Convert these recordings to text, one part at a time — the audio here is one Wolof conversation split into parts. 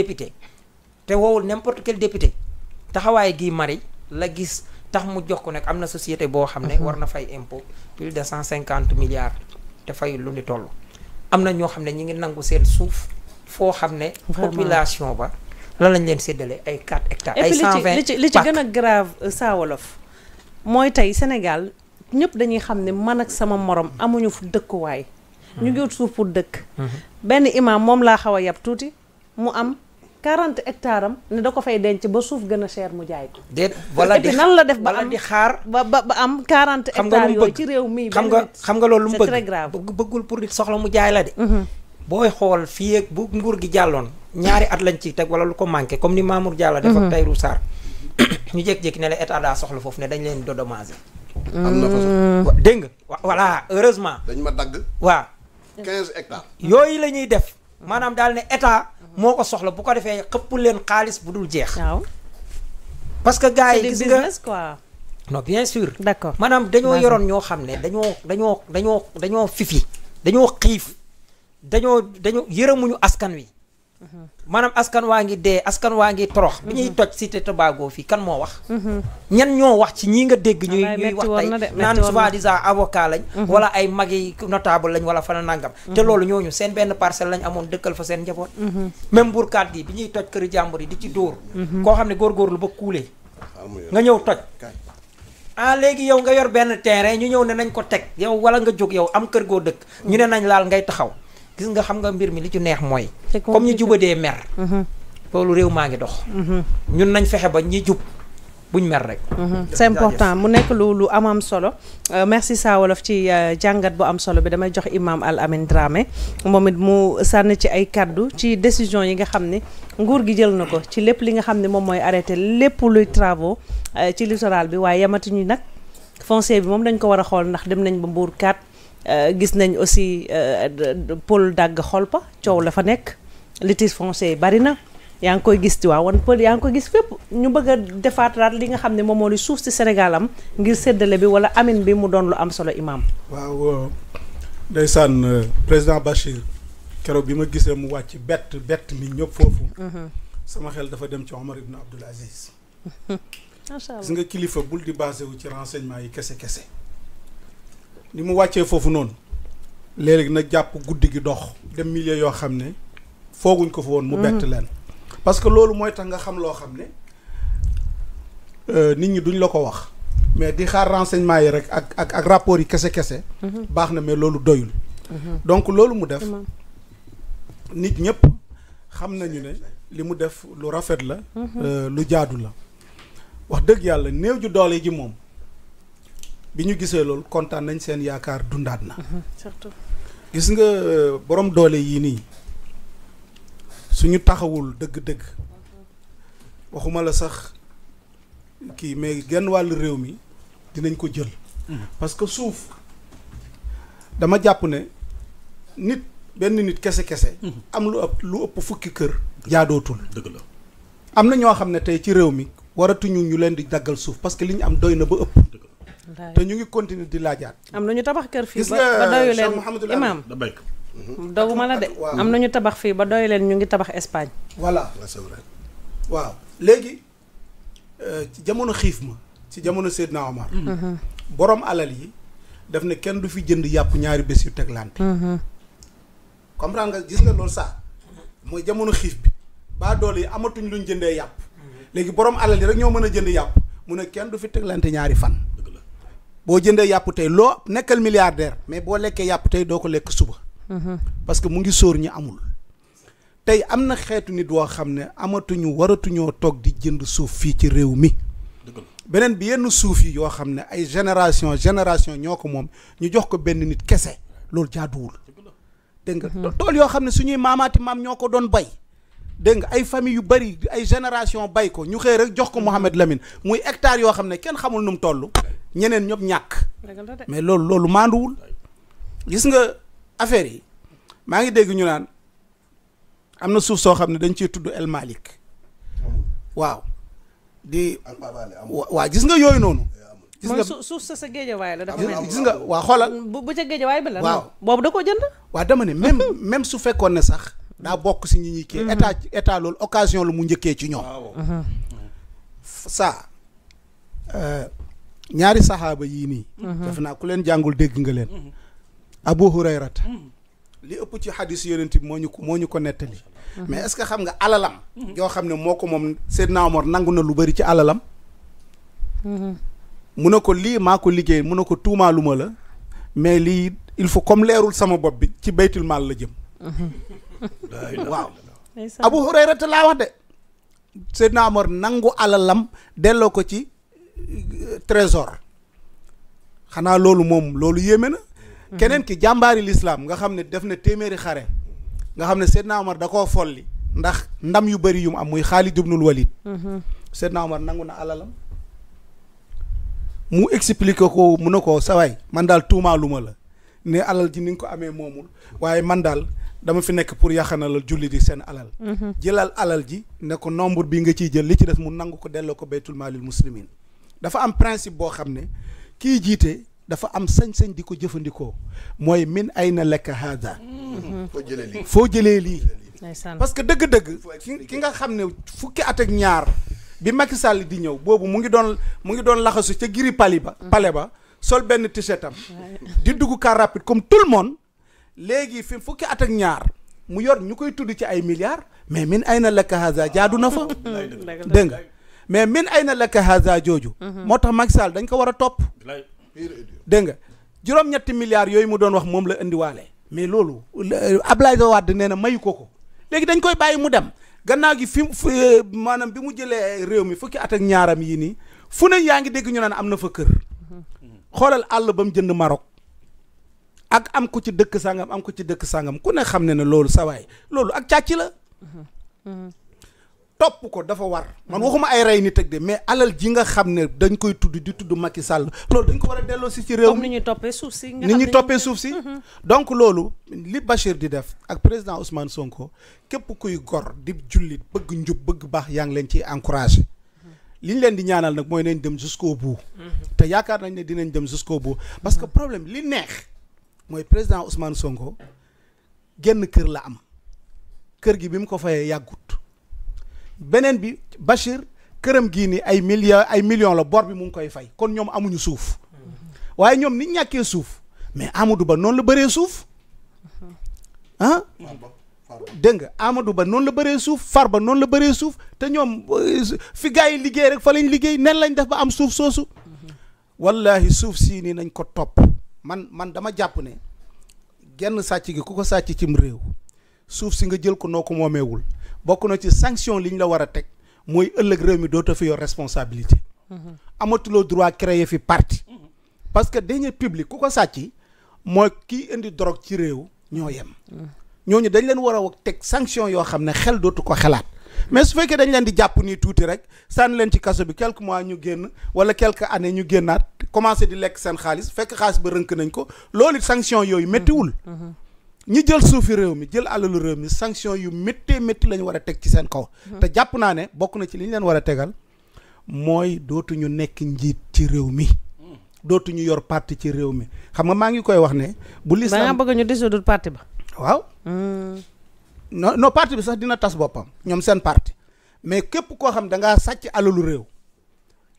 député te woowul n'importe quel député taxawaay gi mari la gis tax mu jox ko nag am na société boo xam ne mhm. war na fay impôt plus de cent cinquante milliards te fayul lu ni toll am na ñoo xam ne ñi ngi nangu seen suuf foo xam ne population ba lan lañ leen séddale ay 4 hectares ay 120 li ci li ci gën a grave euh, saa mooy tey senegal ñëpp dañuy xam ne man ak sama morom amuñu fu dëkkuwaay ñu mhm. ngi wut suuf pour dëkk mhm. benn imaam moom laa xaw a yab tuuti mu am 40 hectares am ne da ko fay denc ba suuf gën a cher mu jaay ko. déet wala di nan la def ba am di xaar ba ba am 40 hectares yooyu ci réew mi. xam nga xam nga loolu lu mu bëgg c'est très grave bëggul pour nit soxla mu jaay la de. Mhm. booy xool fii ak bu nguur gi jàlloon ñaari at lañ ciy teg wala lu ko manqué comme ni Mamour Diallo. def ak mhm. Tayrou Sarr ñu jékki-jékki ne la état daa soxla foofu ne dañ leen dédommager. am na fa mhm. dégg nga voilà heureusement. dañ ma dagg. waaw 15 hectares. yooyu la ñuy def maanaam daal ne état. moo ko soxla bu ko defee xëpp leen xaalis bu dul jeex. waaw parce que gars yi gis nga quoi. non bien sûr. d'accord maanaam dañoo yoroon ñoo xam ne dañoo dañoo dañoo dañoo fifi dañoo xiif dañoo dañoo yërëmuñu askan wi. Mhm. maanaam askan waa ngi dee askan waa ngi torox bi mhm. ñuy toj cité Tobago fii kan moo wax mhm. ñan ñoo wax ci ñii nga dégg ñuy ñuy wax tey naan soi-disant avocat lañ mhm. wala ay mag yi notable lañ wala fana nangam te loolu ñooñu seen benn parcelle lañ amoon dëkkal fa seen njaboot même burkaat gi bi ñuy toj kër jàmbur yi di ci dóor koo xam ne góor lu ba kuulee nga ñëw toj ah léegi yow nga yor benn terrain ñu ñëw ne nañ ko teg yow wala nga jóg yow am kër goo dëkk ñu nañ laal ngay taxaw gis nga xam nga mbir mi li ci neex mooy. comme ñu jubadee mer. Mm-hmm. loolu réew maa ngi dox. Mm-hmm. ñun nañ fexe ba ñi jub. buñ mer rek. Mm-hmm. c'est important mu nekk lu lu am am solo. Euh, merci saa wolof ci euh, jàngat bu am solo bi damay jox imam Al Amin Dramé moom it mu sànn ci ay kaddu ci décision yi nga xam ne nguur gi jël na ko ci lépp li nga xam ne moom mooy arrêté lépp luy travaux euh, ci littoral bi waaye yamatuñu nag foncier bi moom dañ ko war a xool ndax dem nañ ba Mbour 4. Euh, gis nañ aussi euh, pôle dagg xolpa coow la fa nekk litige foncier yi bari na yaa ngi koy gis ci waa wan pël yaa ngi koy gis fépp ñu bëgg a defaataraat li nga xam ne moom moo di suuf si Sénégal ngir séddale bi wala amin bi mu doon lu am solo imaam waaw ndeysaan euh, président Bachir keroog bi ma gisee mu wàcc bett bett mi ñëpp foofu mhm. sama xel dafa dem ci Omar ibn Abdul Aziz nga kilifa bul di basé wu ci renseignement yi kese kese li mu wàccee foofu noonu léeg-léeg na jàpp guddi gi dox dem milieu yoo xam ne fooguñ ko fa woon mu mm-hmm. bett leen parce que loolu mooy tax nga xam loo xam ne euh, nit ñi duñ la ko wax mais di xaar renseignement yi rek ak ak ak rapport yi kese-kese mm-hmm. baax na mais loolu doyul mm-hmm. donc loolu mu def nit ñëpp xam nañu ne li mu def lu rafet la euh, lu jaadu la wax dëgg yàlla néew ju doole ji moom bi ñu gisee loolu kontaan nañ seen yaakaar dundaat na. Mhm, gis nga euh, borom doole yii nii suñu taxawul dëgg-dëgg waxuma la sax kii mais genn wàllu réew mi dinañ ko jël. Mhm. parce que suuf dama jàpp ne nit benn nit kese kese. Mhm. am lu ëpp lu ëpp fukki kër. jaadootul dëgg la. am na ñoo xam ne tey ci réew mi waratuñu ñu leen di daggal suuf parce que li ñu am doy na ba ëpp. te ñu ngi continuer di laajaat. am na ñu tabax kër fii ba ba doyu leen imaam dogu ma la de am na ñu tabax fii ba doyu leen ñu ngi tabax Espagne. voilà waaw léegi euh, ci jamono xiif ma ci jamono Seydina Omar. Mhm. borom alal yi def ne kenn du fi jënd yàpp ñaari bés yu teglante. Mhm. comprendre nga gis nga loolu sax mooy jamono xiif bi baa doole yi amatuñ luñ jëndee yàpp. Mhm. léegi borom alal yi rek ñoo mën a jënd yàpp mu ne kenn du fi teglante ñaari fan. boo jëndee yàpp tey loo nekkal milliardaire mais boo lekkee yàpp tey doo ko lekk suba. Mhm. parce que mu ngi soor ñi amul. tey am na xeetu nit woo xam ne amatuñu waratuñoo toog di jënd suuf fii ci réew mi. beneen bi yenn suuf yi yoo xam ne ay génération génération ñoo ko moom ñu jox ko benn nit kese loolu jaaduwul. dégg nga mhm. tool yoo xam ne suñuy maamaati maam ñoo ko doon bay. dégg nga ay famille yu bari ay génération bay ko ñu xëy rek jox ko Mouhamed lamin muy hectare yoo xam ne kenn xamul nu mu toll ñeneen ñëpp ñàkk mais loolu loolu maanduwul gis nga affaire yi maa ngi dégg ñu naan am na suuf soo xam ne dañ ciy tudd El Malick waaw di waaw gis nga yooyu noonu eh, gis nga suuf sa sa géejawaay la dafa gis nga waaw xoolal bu ca géejawaay bi da koo jënd waaw ne même même su fekkoon ne sax daa bokk si ñu ñuy kii mm-hmm. état loolu occasion la mu njëkkee ci ñoom ça ah, ñaari saxaaba yii nii mhm. def naa ku leen jàngul dégg nga leen mhm. abu hurayrata mhm. li ëpp ci xadis yonent moo ñu ko moo ñu ko nettali mais est-ce que xam nga alalam yoo xam ne moo ko moom Seydina Omar nangu na lu bari ci alalam mu ne ko lii maa ko liggéey mun ne ko tuumaaluma la mais lii il faut comme leerul sama bopp bi ci baytul maal la jëm waaw abu hurayrata laa wax de Seydina Omar nangu alalam delloo ko ci trésor xanaa loolu moom loolu yéeme na mhm. keneen ki jàmbaari lislaam nga xam ne def na téeméeri xare nga xam ne Seydina Omar da koo folli ndax ndam yu bari yu mu am muy Xaalid ibnul Walid mhm. Seydina Omar nangu na alalam mu expliqué ko mu ne ko sawaay man daal tuumaaluma la ne alal ji ni nga ko amee moomul waaye man daal dama fi nekk pour la julli di seen alal mhm. jëlal alal ji ne ko nombre bi nga ciy jël li ci des mu nangu ko delloo ko baytul maalil dafa am principe boo xam ne kii jiite dafa am sañ-sañ di ko jëfandikoo mooy min ay na lekk haada mm-hmm. foo jëlee lii foo jëlee lii parce que dëgg-dëgg ki nga xam ne fukki at ak ñaar bi Macky Sall di ñëw boobu mu ngi doon mu ngi doon laxasu ca giri pali ba mm. pale ba sol benn t-shirt am di dugg car rapide comme tout le monde léegi fi fukki at ak ñaar mu yor ñu koy tudd ci ay milliards mais min ay na lekk haada jaadu na fa dégg mais min ay na lekk haza jooju mhm. moo tax Macky Sall dañ ko war a topp dégg nga juróom-ñetti milliards yooyu mu doon wax moom la indiwaale mais loolu euh, Ablaye Wade nee na mayu ko ko léegi dañ koy bàyyi mu dem gannaaw gi fi euh, maanaam bi mu jëlee réew mi fukki at ak ñaaram yii nii fu ne yaa ngi dégg ñu naan am na fa kër mhm. xoolal àll ba mu jënd marok ak am ko ci dëkk sangam am ko ci dëkk sangam ku ne xam ne ne loolu sawaay loolu ak càcc la mhm. topp ko dafa war man waxuma ay rey nit ak de mais alal ji nga xam ne dañ koy tudd di tudd Macky Sall loolu dañ ko war a delloo si ci réew mi ni ñuy toppee suuf si ni toppee suuf si mhm. donc loolu li Bachir di def ak président Ousmane Sonko képp kuy gor di jullit bëgg njub bëgg baax yaa ngi leen ci encourage mhm. li ñu leen di ñaanal nag mooy nañ dem jusqu'au bout mhm. te yaakaar nañ ne dinañ dem jusqu'au bout parce que problème li neex mooy président Ousmane Sonko genn kër la am kër gi bi mu ko fayee yàggut beneen bi Bachir këram gii nii ay millions ay millions la bor bi mu ngi koy fay kon ñoom amuñu suuf waaye ñoom ni ñàkkee suuf mais Amadou Ba noonu la bëree suuf ah. dégg nga Amadou Ba noonu la bëree suuf far ba noonu la baree suuf te ñoom euh, fi gars yi liggéey rek fa lañ liggéey nen lañ def ba am suuf soosu. wallahi suuf sii nii nañ ko topp man man dama jàpp ne genn sàcc gi ku ko sàcc cim réew. suuf si nga jël ko noo ko moomeewul bokk na ci sanction li ñu la war a teg mooy ëllëg réew mi doota fi yor responsabilité mhm. amatuloo droit créer fi parti mhm. parce que deniers publics ku ko sàcc mooy kii indi drogue ci réew ñoo yem mhm. ñu dañ leen war a teg sanction yoo xam ne xel dootu ko xalaat mais su fekkee dañ leen di jàpp nii tuuti rek sànni leen ci kaso bi quelques mois ñu génn wala quelques années ñu génnaat commencé di lekk seen xaalis fekk xaalis ba rënk nañ ko loolu sanction yooyu méttiwul ñi jël suufi réew mi jël alalu réew mi sanction yu méttee métti la ñu war a teg ci seen kaw mhm. te jàpp naa ne bokk na ci li ñu leen war a tegal mooy dootuñu nekk njiit ci réew mi mm. dootuñu yor parti ci réew mi xam nga maa ngi koy wax ne bu lislam da nga bëgg ñu dissoudre parti ba waaw mm. non non parti bi sax dina tas boppam ñoom seen parti mais képp koo xam da ngaa sàcc alalu réew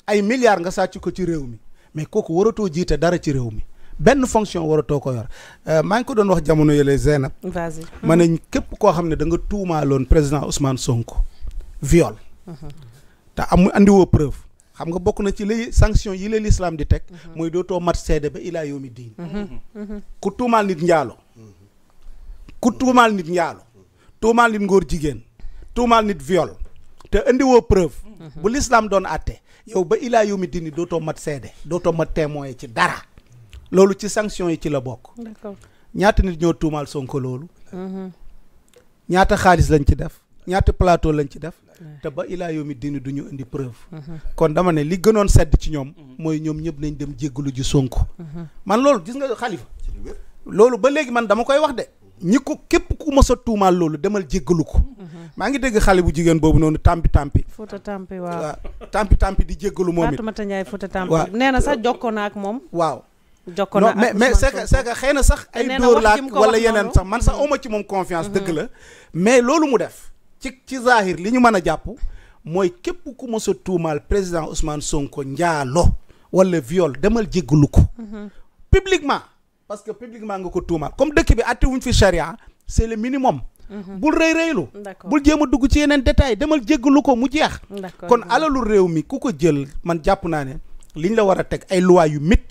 ay milliards nga sàcc ko ci réew mi mais kooku waratoo jiite dara ci réew mi benn fonction waratoo ko yor euh, maa ngi ko doon wax jamono yële Zeynab. vas-y ma képp koo xam ne da nga tuumaaloon président Ousmane Sonko. viol. Mhm. te amu andiwoo preuve. xam nga bokk na ci lay sanction yi la l'islam di teg. Mhm. mooy dootoo mat seede ba ilaa yomi diin. Mhm. ku tuumaal nit njaalo. ku tuumaal jigéen. tuumaal nit viol. te indiwoo preuve. bu l'islam doon àtte yow ba ilaa yawmi diin dootoo mat seede dootoo mat témoin ci dara. loolu ci sanction yi ci la bokk. ñaata nit ñoo tuumaal sonk loolu. Mhm. ñaata xaalis lañ ci def ñaata plateau lañ ci def. te ba ilaa yomi dini du ñu indi preuve. Mhm. kon dama ne li gënoon sedd ci ñoom. mooy ñoom ñëpp nañ dem jéggalu ji sonk mhm. man loolu gis nga xalifa loolu ba léegi man dama koy wax de. ñi ko képp ku mës a tuumaal loolu demal jéggalu ko. maa ngi dégg xale bu jigéen boobu noonu tampi tampi. Fouta tampi waaw waaw tampi tampi di jéggalu moom it. Fatoumata Ndiaye Fouta tampi. waaw nee na sax jokkoo na ak moom. waaw. jokko na mais mais c'est que xëy na sax ay dóor laa wala yeneen sax man sax awma ci moom confiance mm-hmm. dëkk la mais loolu mu def ci ci zahir li ñu mën a jàpp mooy képp ku mësa tuumaal président Ousmane Sonko njaalo wala viol demal jéggalu ko mm-hmm. publiquement parce que publiquement nga ko tuumaal comme dëkk bi àtte wuñ fi charia c'est le minimum mm-hmm. bul rëy rëylu bul jéem a dugg ci yeneen détail demal jéggalu ko mu jeex kon alalu réew mi ku ko jël man jàpp naa ne liñ la war a teg ay loi yu mit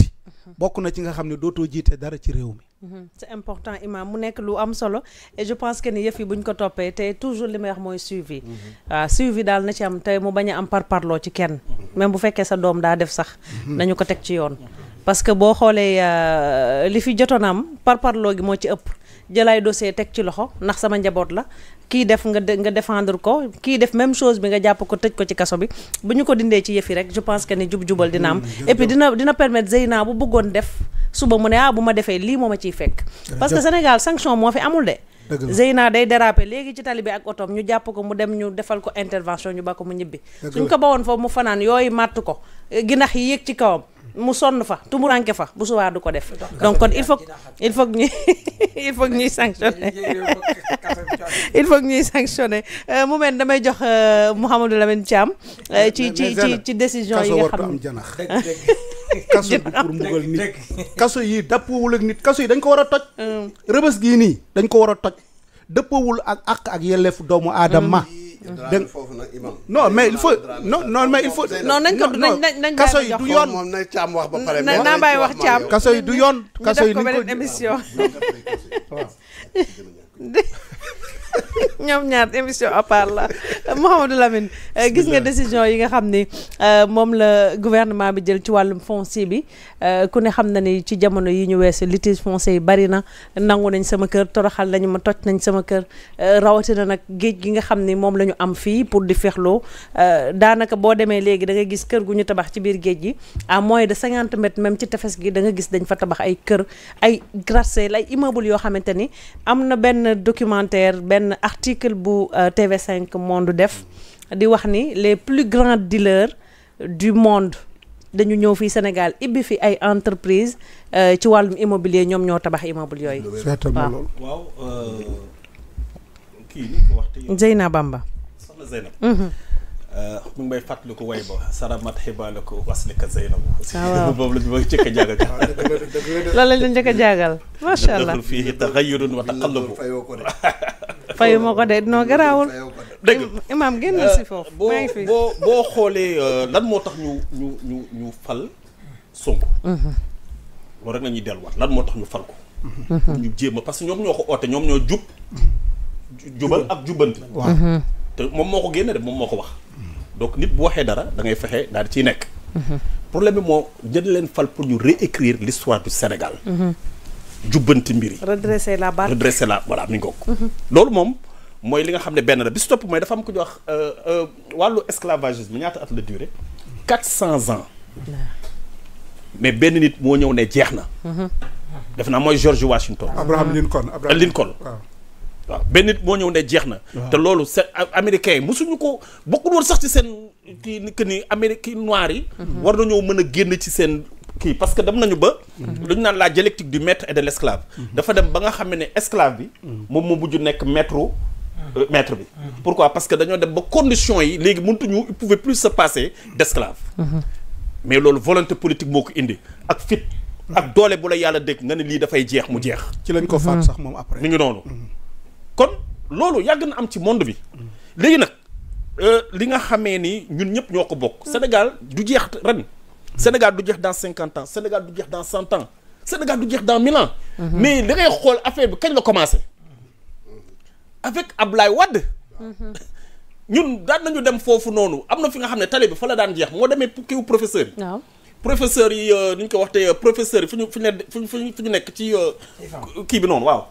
bokk na ci nga xam ne dootoo jiite dara ci réew mi mhm. c'est important imam mu nekk lu am solo et je pense que ni yëf yi buñ ko toppee te toujours li may wax mooy suivi waaw mhm. ah, suivi daal na ci am te mu bañ a am parloo ci kenn mhm. même bu fekkee sa doom daa def sax nañu ko teg ci yoon parce que boo xoolee euh, li fi joto jotoon am parloo gi moo ci ëpp jëlaay dossier teg ci loxo ndax sama njaboot la kii def nga nga défendre ko kii def même chose bi nga jàpp ko tëj ko ci kaso bi bu ñu ko dindee ci yëfi rek je pense que ni jub-jubal dina am mm, et puis dina dina permettre Zeyna bu bëggoon def suba mu ne ah bu ma defee lii moo ma ciy fekk parce que Sénégal sanction moo fi amul de Zeyna day déraper léegi ci tali bi ak otom ñu jàpp ko mu dem ñu defal ko intervention ñu ba ko mu ñibbi suñ ko woon foofu mu fanaan yooyu màtt ko ginax yi yéeg ci kawam mu sonn fa tumuranke fa bu subaa du ko def donc kon il faut il faut que ñuy il faut que ñuy sanctionné il faut que ñuy sanctionné euh, mu mel damay jox euh, Mouhamadou Lamine Thiam euh, ci ci ci ci décision yi nga xam kaso bi pour mbugal nit kaso yi dàppwul ak nit kaso yi dañ ko war a toj rëbës gi nii dañ ko war a toj dëppawul ak àq ak yelleefu doomu aadama mm. dégg foofu nag imam non mais il faut non non mais il faut non nañ ko nañ nañ kaso yi du yoon na caam wax ba pare caam kaso du yoon kaso yi niñ émission ñoom ñaar émission à part la Mouhamadou Lamine euh, gis nga décision yi nga xam ni euh, moom la gouvernement bi jël ci wàllum foncier bi euh, ku ne xam na ni ci jamono yi ñu weesu litige foncier yi bari na nangu nañ sama kër toroxal nañu ma toj nañ sama kër rawatina nag géej gi nga xam ni moom la ñu am fii pour di fexloo daanaka boo demee léegi da nga gis kër gu ñu tabax ci biir géej gi à moins de cinquante mètres même ci tefes gi danga gis dañ fa tabax ay kër ay gratte-ciel ay immeuble yoo xamante ni am na benn documentaire benn article bu TV5 Monde def di wax ni les plus grands dealers du monde dañu ñëw fii senegal ibbi fi ay entreprise euh, ci wàllum immobilier ñoom ñoo tabax immeuble yooyu. waaw waaw euh, kii ni Bamba. mu mhm. euh, ngi may ah, la ñu bëgg njëkk a jaagal. Ah, loolu la ñu njëkk a jaagal wa fayuma ko de noo garaawul. dëgg imaam génn euh, si foofu. maa ngi fi boo boo xoolee euh, lan moo tax ñu ñu ñu ñu fal Sonko. Mhm. loolu rek la ñuy delluwaat lan moo tax ñu fal ko. Mhm. ñu jéem a parce que ñoom ñoo ko oote ñoom ñoo jub. jubal ak jubbanti. waaw mhm. te moom moo ko génne de moom moo ko wax. donc nit bu waxee dara dangay fexe daal di ciy nekk. problème bi moo jënd leen fal pour ñu réécrire l'histoire du Sénégal. jubbanti mbir yi. redresser la barre redresser la voilà mi ngoog. Mhm. loolu moom mooy li nga xam ne benn la bi si topp mooy dafa am ku ñuy wax euh, euh, wàllu esclavagisme ñaata at la durée. 400 ans. mais benn nit moo ñëw ne jeex na. Mhm. def naa mooy George Washington. Abraham Lincoln Abraham euh, Lincoln. waaw benn nit moo ñëw ne jeex na. te loolu sa américains yi mosuñu ko bokkul woon sax ci seen kii que ni américains noirs yi. Mhm. war nañoo mën a génn ci seen. kii parce que dem nañu ba. lu naan la dialectique du maître et de l' esclave. dafa dem ba nga xam ne esclave bi. moom moo mujj nekk maître. Euh, maître bi. pourquoi parce que dañoo dem ba conditions yi léegi mëntuñu il pouvait plus se passer d' mais loolu volonté politique moo ko indi ak fit. ak doole bu la yàlla dégg nga ne lii dafay jeex mu jeex. ci lañ ko faat sax moom après. mi ngi noonu. kon loolu yàgg na am ci monde bi. léegi nag euh, li nga xamee ni ñun ñëpp ñoo ko bokk. Sénégal du jeex ren. Sénégal du jeex dans cinquante ans Sénégal du jeex dans cent ans Sénégal du jeex dans mille mais da ngay xool affaire bi kañ la commencé. avec ab Ablaye wadd ñun daan nañu dem foofu noonu am na fi nga xam ne tali bi fa la daan jeex moo demee kiw professeur yi. waaw professeur yi euh, ni ñu ko wax te euh, professeur yi fu ñu fu ñu fu ñu nekk ci. Euh, kii bi noonu waaw.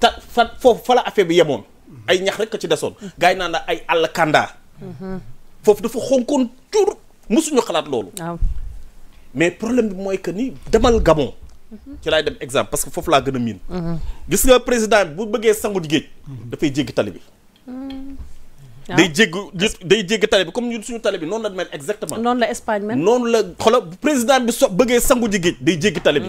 ta fa foofu fa la affaire bi yemoon. ay ñax rek ci desoon. gars yi naan ay àll kanda. Mhm. foofu dafa xonkoon tur mosuñu xalaat loolu. mais problème bi mooy que ni demal Gabon. ci laay dem exemple parce que foofu laa gën a miin. gis nga président bi bu bëggee sangu di géej. dafay jéggi tali bi. Ah. day jéggi day jéggi tali bi comme ñun suñu tali bi noonu la mel exactement. noonu la Espagne mel noonu la xoolal so bëggee sangu ji géej day jéggi tali bi.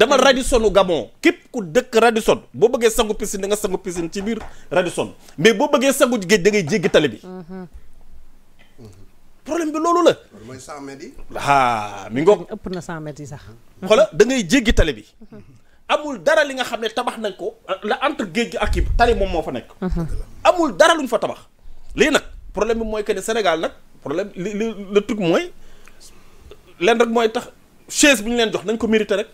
demal Radisson Gabon képp ku dëkk Radisson boo bëggee sangu piscine da nga sangu piscine ci biir Radisson mais boo bëggee sangu ji géej da ngay jéggi tali bi. problème bi loolu la. loolu mooy 100 mètres yi. ah mi ngoog. ëpp na 100 mètres yi sax. xoola da ngay jéggi tali bi. amul dara li nga xam ne tabax nañ ko. la entre géej gi ak kii tali moom moo fa nekk. amul dara lu ñu fa tabax. lii nag problème bi mooy que ne Sénégal nag problème li li le truc mooy leen rek mooy tax chaise bi ñu leen jox nañ ko mérité rek.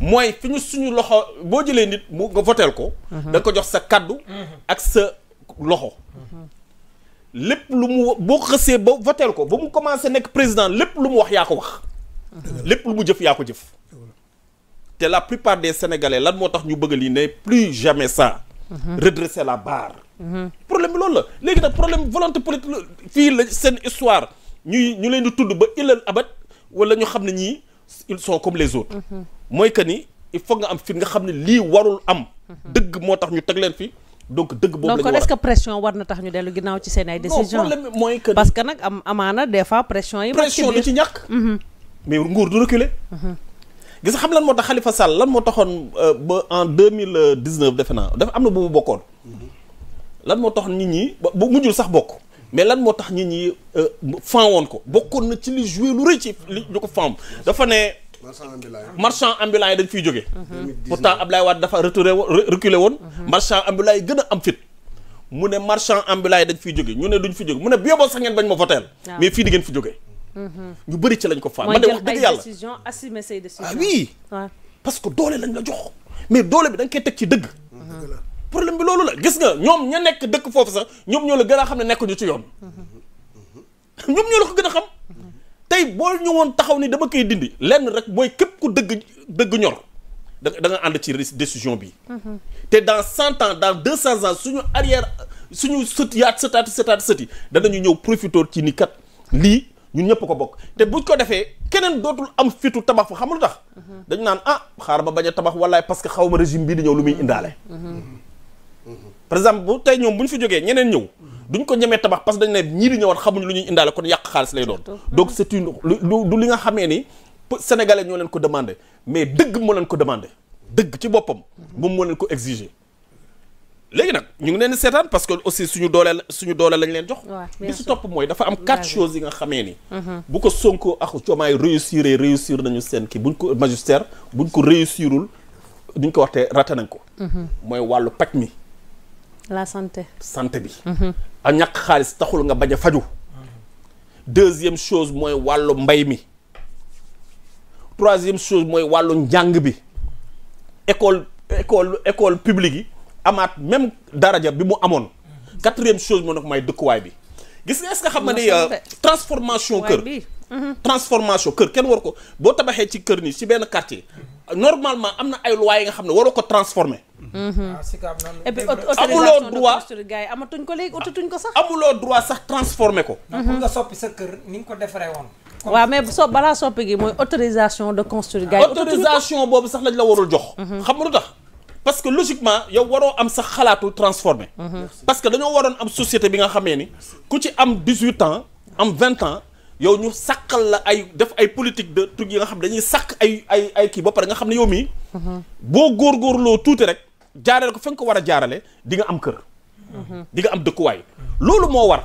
mooy fi ñu suñu loxo boo jëlee nit mu nga voteel ko. Mhm. da ko jox sa kaddu. ak sa loxo. lépp lu mu boo xësee ba voteel ko ba mu commencé nekk président lépp lu mu wax yaa ko wax lépp lu mu jëf yaa ko jëf te la plupart des sénégalais lan moo tax ñu bëgg lii ne plus jamais ça redresser la barre problème bi loolu la léegi nag problème volonté politique fii la seen histoire ñuy ñu leen di tudd ba ilal abat wala ñu xam ne ñii il sont comme les autres mhm. mooy que ni il faut nga am fit nga xam ne lii warul am mhm. dëgg moo tax ñu teg leen fi donc dëgg boobu la ñu war a donc est-ce que pression na tax ñu dellu ginnaaw ci seen ay décision mm-hmm. mm-hmm. euh, ba en deux mille dix neuf defe naa dafa am na bu mu bokkoon. Mm-hmm. lan moo tax nit ñi bu mujjul sax bokk. mais lan moo tax nit ñi euh, fan woon ko bokkoon na ci li joué lu rëy ci li ñu ko fan dafa ne. marchand ambulant yi dañ fiy jóge pourtant Ablaye Wade dafa retourné reculé woon marchand ambulant yi gën a am fit mu ne marchand ambulant yi dañ fiy jóge ñu ne duñ fi jóge mu ne bu yóbboo sax ngeen bañ ma voteel mais fii di ngeen fi jóge ñu bëri ci lañ ko faa man de wax dëgg yàlla décision assumer say décision ah parce que doole lañ la jox mais doole bi da koy teg ci dëgg problème bi loolu la gis nga ñoom ña nekk dëkk foofu sax ñoom ñoo la gën a xam ne nekkuñu ci yoon ñoom ñoo la ko gën a xam tey boo ñëwoon taxaw ni dama koy dindi lenn rek booy képp ku dëgg dëgg ñor da da ànd ci décision bi mm-hmm. te dans cent ans dans deux cent ans suñu arrière suñu sët yaat sëtaati sëtaati sëti danañu ñëw profitoor ci ni kat lii ñun ñëpp ko bokk te buñ ko defee keneen dootul am fitu tabax fa xamul tax mm-hmm. dañu naan ah xaar ma baña tabax wallaay parce que xaw ma régime bii di ñëw lu muy indaale mm-hmm. par exemple bu tey ñoom bu ñu fi jógee ñeneen ñëw duñ ko ñemee tabax parce que dañ ne ñii di ñëwaat xamuñ lu ñuy indaale kon yàq xaalis lay doon donc c'est une lu li nga xamee ni sénégalais ñoo leen ko demandé mais dëgg moo leen ko demandé dëgg ci boppam moom moo leen ko exiger léegi nag ñu ngi leen di seetaan parce que aussi suñu dooleel suñu dooleel lañ leen jox bi si topp mooy dafa am quatre choses yi nga xamee ni mm-hmm. bu ko Sonko ak Diomaye réussir réussir nañu seen kii buñ ko magistère buñ ko réussirul duñ ko waxtee raté nañ ko mm-hmm. mooy wàllu paj mi la santé santé bi mm-hmm. a ñàkk xaalis taxul nga bañ a faju deuxième chose mooy wàllu mbay mi troisième chose mooy wàllu njàng bi école école école publique yi amaat même daraja bi mu amoon quatrième chose moo nag may dëkkuwaay bi gis nga est-ce que xam ne ni euh, transformation kër mhm. transformation kër kenn war ko boo tabaxee ci kër nii si benn quartier normalement am na ay lois yi nga xam ne waroo ko transformer Mm-hmm. Ah, et puis amuloo droit gars yi amatuñ ko léegi utatuñ ko sax. amuloo droit sax transformé ko. Mm-hmm. pour nga soppi sa kër ni nga ko defaree woon. waaw mais so balaa soppi gi mooy autorisation de construire. gars autorisation boobu sax lañ la warul jox. Mm-hmm. xam nga tax parce que logiquement yow waroo am sax xalaatu transformé. parce que dañoo waroon am société bi nga xamee ni ku ci am 18 ans am 20 ans. yow ñu saqal la ay def ay politique de truc yi nga xam dañuy sàq ay ay ay kii ba pare nga xam ne yow mii. boo góor góorgóorloo tuuti rek. jaarale ko fa nga ko war a jaarale di nga am kër. di nga am dëkkuwaay. loolu moo war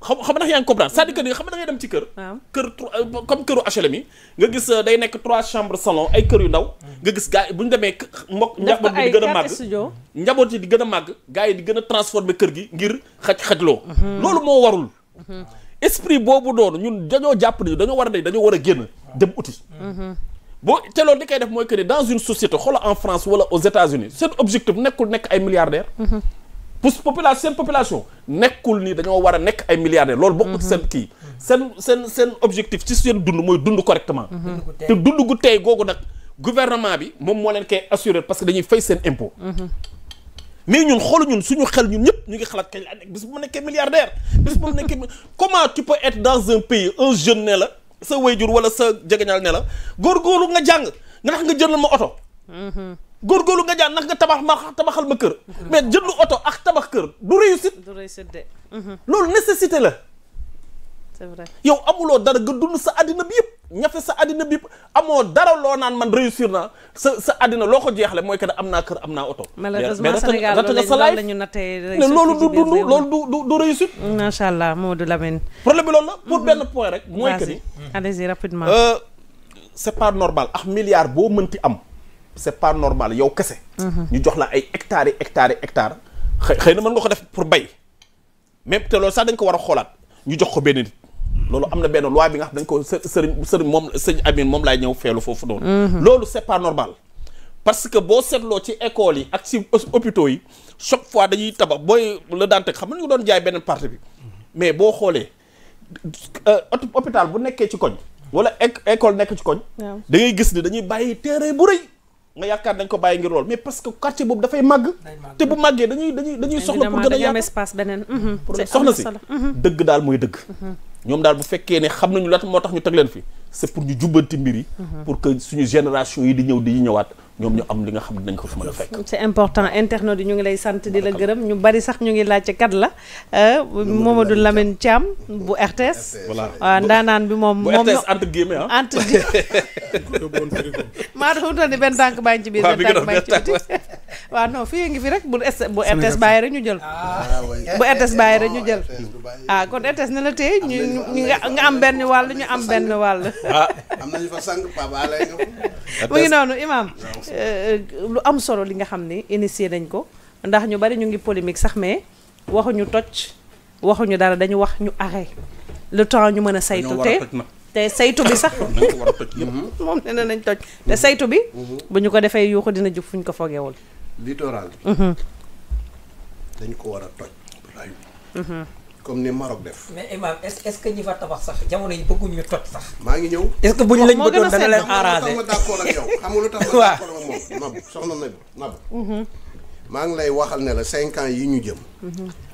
xam xam na yaa ngi comprendre c'est-à-dire xam na da ngay dem ci kër. kër euh, comme këru HLM mi nga gis euh, day nekk trois chambres salon ay kër yu ndaw. nga gis gars yi bu ñu demee mbokk njaboot bi di gën a màgg njaboot yi di gën a màgg gars yi di gën a transformer kër gi ngir xaj xajloo. loolu moo warul. esprit boobu noonu ñun dañoo jàpp ne dañoo war a dañoo war a génn dem uti. boo te loolu di koy def mooy que ne dans une société xoola en France wala aux États-Unis seen objectif nekkul nekk ay milliardaire mhm. pour population seen population nekkul ni dañoo war a nekk ay milliardaire loolu bokkul mhm. seen kii seen seen objectif ci seen dund mooy dund correctement mhm. te dund gu tey googu nag gouvernement bi moom moo leen koy assurer parce que dañuy fay seen impôt mais ñun xoolu ñun suñu xel ñun ñëpp ñu ngi xalaat kañ laa nekk bis bu ma ne la sa wayjur wala sa jegeñal ne la góorgóorlu nga jàng nga tax nga jëndal ma oto. Mm-hmm. góorgóorlu nga jàng ndax nga tabax ma tabaxal ma kër. Mm-hmm. mais jëndu oto ak tabax kër du réussite. du réussite de. Mm-hmm. loolu nécessité la. c'est yow amuloo dara nga dund sa àddina bi yëpp ñafe sa àddina bi yëpp amoo dara loo naan man réussir naa sa sa àddina loo ko jeexle mooy que ne am naa kër am naa oto. malheureusement Sénégal loolu la ñu nattee loolu du dund loolu du du du réussite. macha allah Maodo Lamine. problème bi loolu la pour mm-hmm. benn point rek. mooy que ni allez-y rapidement. Euh, c'est pas normal ak milliard boo mënti am. c'est pas normal yow kese. Mm-hmm. ñu jox la ay hectares yi hectares yi hectares. xëy na mën nga ko def pour bay. même te loolu sax dañ ko war a xoolaat ñu jox ko benn nit. loolu am na benn loi bi nga xam dañ ko sëriñ sëriñ moom sëñ Amine moom laay ñëw feelu foofu noonu. Mhm. loolu c'est pas normal. parce que boo seetloo ci école yi ak ci hôpitaux yi chaque fois dañuy tabax booy la daan teg xam nga ñu doon jaay beneen partie mais boo xoolee euh, hôpital bu nekkee ci koñ. wala école nekk ci koñ. da ngay gis ni dañuy bàyyi terrain bu rëy. nga yaakaar dañ ko bàyyi ngir lool mais parce que quartier boobu dafay màgg. te bu màggee dañuy dañuy dañuy soxla. pour gën a yaatu dañuy am espace beneen. si mhm. dëgg daal mooy dëgg. Mhm. ñoom daal bu fekkee ne xam nañu lan moo tax ñu teg leen fi c'est pour ñu jubbanti mbir yi mhm. pour que suñu génération yi di ñëw di ñëwaat ñoom ñu am li nga xam ne dinañ ko fi mën a fekk. c'est important internautes yi ñu ngi lay sant di la gërëm ñu bari sax ñu ngi laajte kat la. Euh, Mamadou Lamine Thiam bu RTS. voilà ndaanaan bi moom. moom bu RTS entre ah. benn tànk baa ngi ci biir ngi fi rek bu bu RTS bàyyi rek ñu jël. Ah, bu rek ñu jël. ah, ah kon RTS na la téye am benn wàll ñu am benn wàll. am nañu fa sànq Papa Alé nga mu ngi noonu imam euh, lu am solo li nga xam ne initié nañ ko ndax ñu bari ñu ngi polémique sax mais waxuñu toj waxuñu dara dañu wax ñu arrêt le temps ñu mën a saytu te te saytu bi sax moom nee nañ toj mm-hmm. te saytu bi mm-hmm. bu ñu ko defee yuuxu dina jub fu ñu ko fogeewul littoral bi mm-hmm. a toj comme ni Maroc def. mais Imaam est ce que ñi fa tabax sax jamono yi bëgguñ toj sax. maa ngi ñëw. est ce que buñ lañ bëggoon dana leen arrangé xam nga d'accord ak yow xam nga lu tax ma d'accord ak moom Nabou soxna Nabou Nabou. Mhm. maa ngi lay waxal ne la cinq ans yi ñu jëm. Mhm.